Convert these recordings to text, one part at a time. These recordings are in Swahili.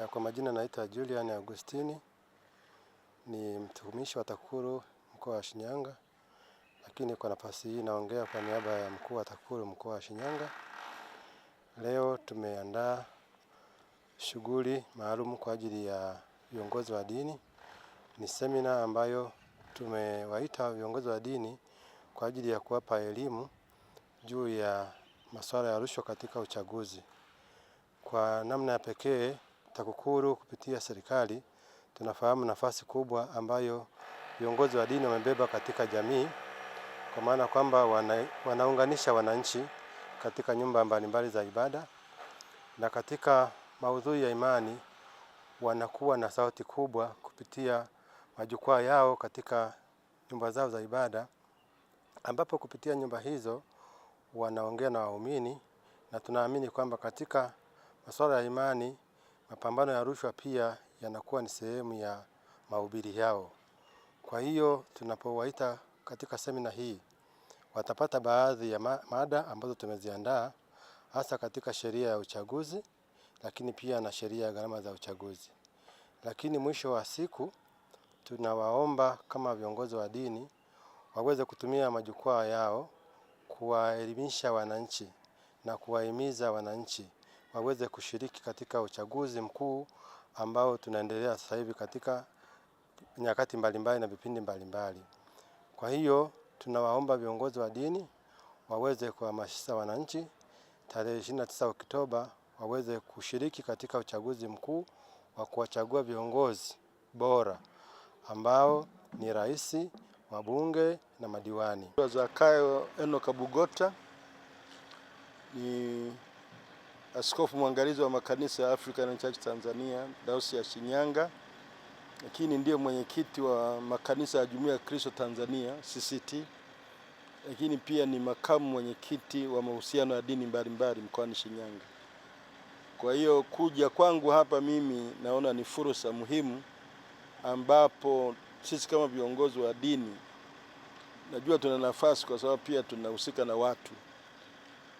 Ya kwa majina naitwa Julian Agustini, ni mtumishi wa TAKUKURU mkoa wa Shinyanga, lakini kwa nafasi hii naongea kwa niaba ya mkuu wa TAKUKURU mkoa wa Shinyanga. Leo tumeandaa shughuli maalum kwa ajili ya viongozi wa dini. Ni semina ambayo tumewaita viongozi wa dini kwa ajili ya kuwapa elimu juu ya masuala ya rushwa katika uchaguzi. Kwa namna ya pekee TAKUKURU kupitia serikali tunafahamu nafasi kubwa ambayo viongozi wa dini wamebeba katika jamii, kwa maana kwamba wana, wanaunganisha wananchi katika nyumba mbalimbali za ibada na katika maudhui ya imani wanakuwa na sauti kubwa kupitia majukwaa yao katika nyumba zao za ibada, ambapo kupitia nyumba hizo wanaongea na waumini, na tunaamini kwamba katika masuala ya imani mapambano ya rushwa pia yanakuwa ni sehemu ya mahubiri yao. Kwa hiyo tunapowaita katika semina hii watapata baadhi ya mada ambazo tumeziandaa hasa katika sheria ya uchaguzi, lakini pia na sheria ya gharama za uchaguzi. Lakini mwisho wa siku tunawaomba kama viongozi wa dini waweze kutumia majukwaa yao kuwaelimisha wananchi na kuwahimiza wananchi waweze kushiriki katika uchaguzi mkuu ambao tunaendelea sasa hivi katika nyakati mbalimbali na vipindi mbalimbali. Kwa hiyo tunawaomba viongozi wa dini waweze kuhamasisha wananchi tarehe 29 Oktoba waweze kushiriki katika uchaguzi mkuu wa kuwachagua viongozi bora ambao ni rais, wabunge na madiwani. Zakayo Enoka Bugota ni askofu mwangalizi wa makanisa ya African Church Tanzania Dayosisi ya Shinyanga, lakini ndiye mwenyekiti wa makanisa ya Jumuiya ya Kristo Tanzania CCT, lakini pia ni makamu mwenyekiti wa mahusiano ya dini mbalimbali mkoani Shinyanga. Kwa hiyo kuja kwangu hapa mimi naona ni fursa muhimu ambapo sisi kama viongozi wa dini najua tuna nafasi kwa sababu pia tunahusika na watu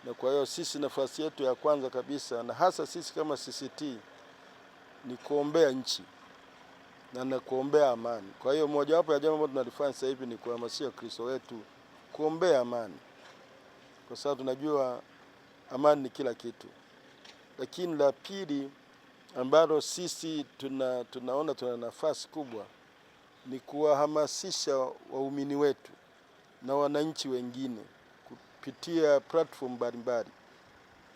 na kwa hiyo sisi nafasi yetu ya kwanza kabisa na hasa sisi kama CCT ni kuombea nchi na na kuombea amani. Kwa hiyo mojawapo ya jambo ambalo tunalifanya sasa hivi ni kuhamasisha Kristo wetu kuombea amani, kwa sababu tunajua amani ni kila kitu. Lakini la pili ambalo sisi tuna, tunaona tuna nafasi kubwa ni kuwahamasisha waumini wetu na wananchi wengine kupitia platform mbalimbali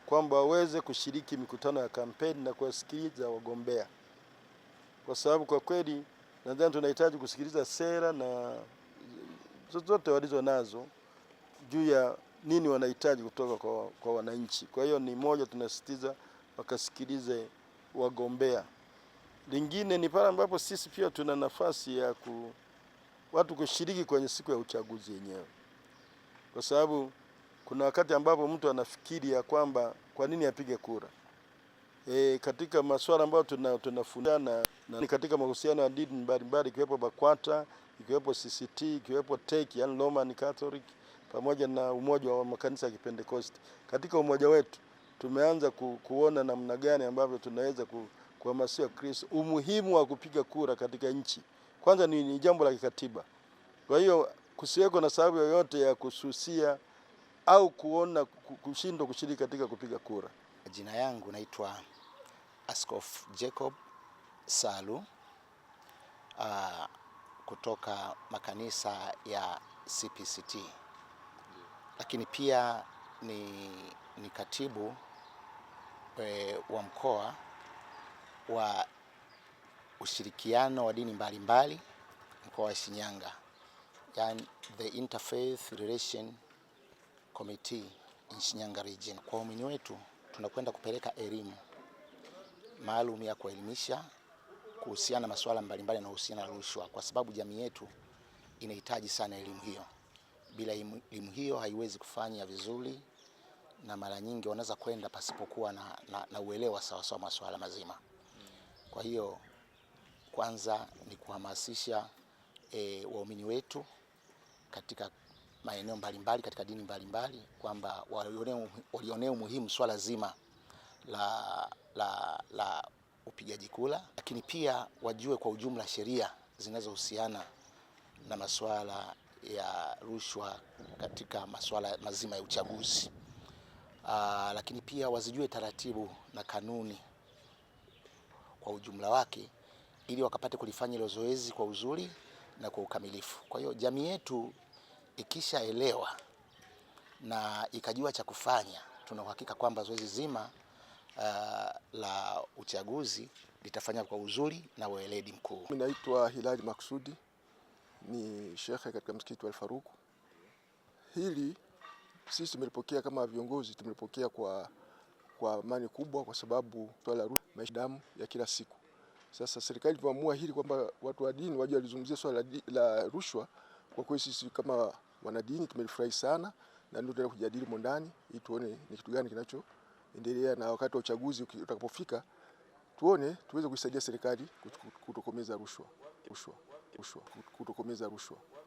kwamba waweze kushiriki mikutano ya kampeni na kuwasikiliza wagombea, kwa sababu kwa kweli nadhani tunahitaji kusikiliza sera na zote walizo nazo juu ya nini wanahitaji kutoka kwa, kwa wananchi. Kwa hiyo ni moja, tunasisitiza wakasikilize wagombea. Lingine ni pale ambapo sisi pia tuna nafasi ya ku, watu kushiriki kwenye siku ya uchaguzi yenyewe kwa sababu kuna wakati ambapo mtu anafikiri ya kwamba kwa nini apige kura. E, katika masuala ambayo tunafundana tuna katika mahusiano ya dini mbalimbali ikiwepo BAKWATA ikiwepo CCT ikiwepo TEC yani Roman Catholic pamoja na umoja wa makanisa ya Kipentekoste. Katika umoja wetu tumeanza ku, kuona namna gani ambavyo tunaweza ku, kuhamasisha Kristo umuhimu wa kupiga kura katika nchi. Kwanza ni, ni jambo la kikatiba. Kwa hiyo kusiweko na sababu yoyote ya kususia au kuona kushindwa kushiriki katika kupiga kura. Jina yangu naitwa Askof Jacob Salu uh, kutoka makanisa ya CPCT, lakini pia ni, ni katibu e, wa mkoa wa ushirikiano wa dini mbalimbali mkoa wa Shinyanga, yani the interfaith relation committee in Shinyanga region. Kwa waumini wetu tunakwenda kupeleka elimu maalum ya kuelimisha kuhusiana na masuala mbalimbali yanayohusiana na rushwa, kwa sababu jamii yetu inahitaji sana elimu hiyo. Bila elimu hiyo haiwezi kufanya vizuri, na mara nyingi wanaweza kwenda pasipokuwa na, na, na uelewa sawasawa masuala mazima. Kwa hiyo kwanza ni kuhamasisha e, waumini wetu katika maeneo mbalimbali katika dini mbalimbali kwamba walionea umuhimu swala zima la, la, la upigaji kula lakini pia wajue kwa ujumla sheria zinazohusiana na masuala ya rushwa katika masuala mazima ya uchaguzi. Aa, ah, lakini pia wazijue taratibu na kanuni kwa ujumla wake ili wakapate kulifanya hilo zoezi kwa uzuri na kwa ukamilifu. Kwa hiyo jamii yetu ikishaelewa na ikajua cha kufanya, tuna uhakika kwamba zoezi zima uh, la uchaguzi litafanya kwa uzuri na weledi mkuu. Mimi naitwa Hilali Maksudi, ni shekhe katika msikiti wa al Hili sisi tumelipokea kama viongozi, tumelipokea kwa kwa amani kubwa, kwa sababu swala la maisha damu ya kila siku. Sasa serikali ilipoamua hili kwamba watu wa dini waje walizungumzia swala la rushwa, kwa kweli sisi kama wanadini tumefurahi sana, na ndio tunataka kujadili mo ndani ili tuone ni kitu gani kinachoendelea, na wakati wa uchaguzi utakapofika, tuone tuweze kuisaidia serikali kutokomeza rushwa, rushwa, rushwa, kutokomeza rushwa.